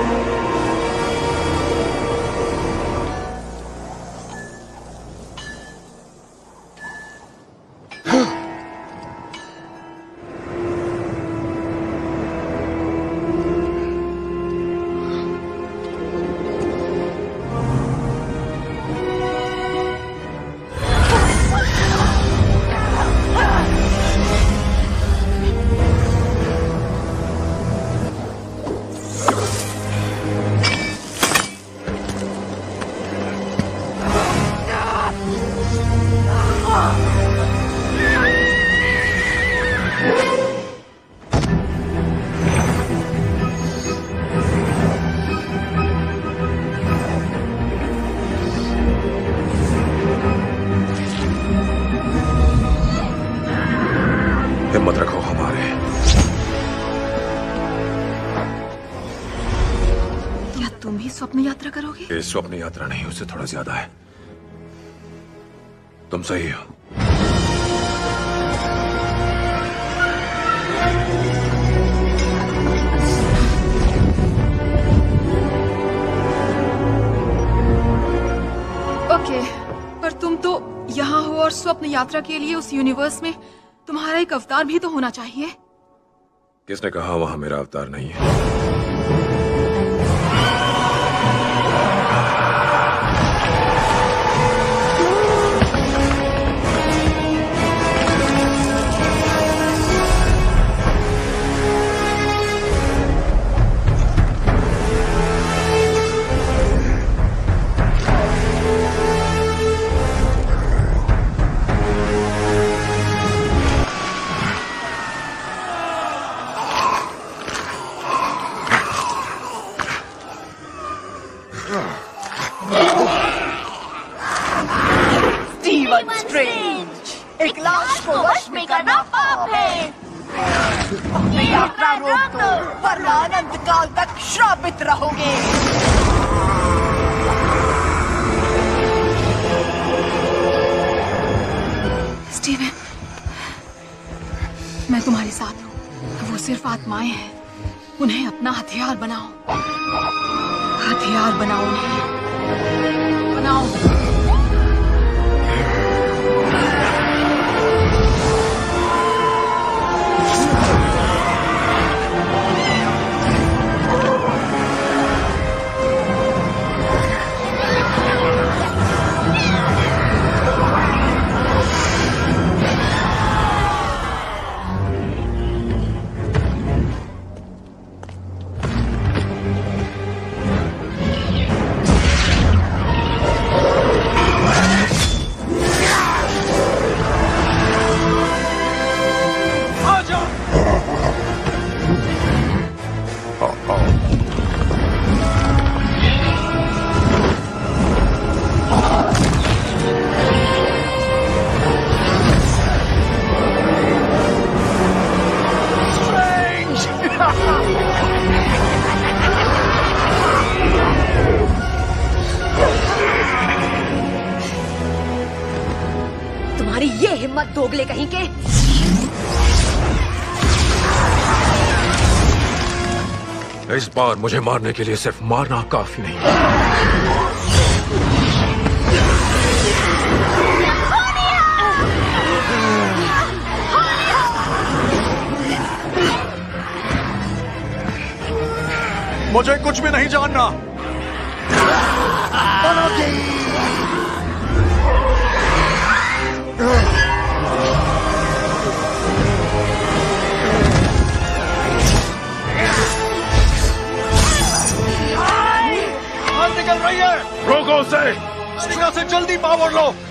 Thank you. हिम्मत रखो हमारे या तुम ही स्वप्न यात्रा करोगे स्वप्न यात्रा नहीं उससे थोड़ा ज्यादा है तुम सही हो ओके पर तुम तो यहाँ हो और स्वप्न यात्रा के लिए उस यूनिवर्स में तुम्हारा एक अवतार भी तो होना चाहिए किसने कहा वहां मेरा अवतार नहीं है Steven Strange! एक लाश को वश में करना पाप है यात्रा रोग को वरना अनंत काल तक श्रापित रहोगे स्टीवन मैं तुम्हारे साथ हूँ वो सिर्फ आत्माएं हैं उन्हें अपना हथियार बनाओ हथियार बनाओ बनाओ तुम्हारी ये हिम्मत दोगले कहीं के इस बार मुझे मारने के लिए सिर्फ मारना काफी नहीं मुझे कुछ भी नहीं जानना से जल्दी पावर लो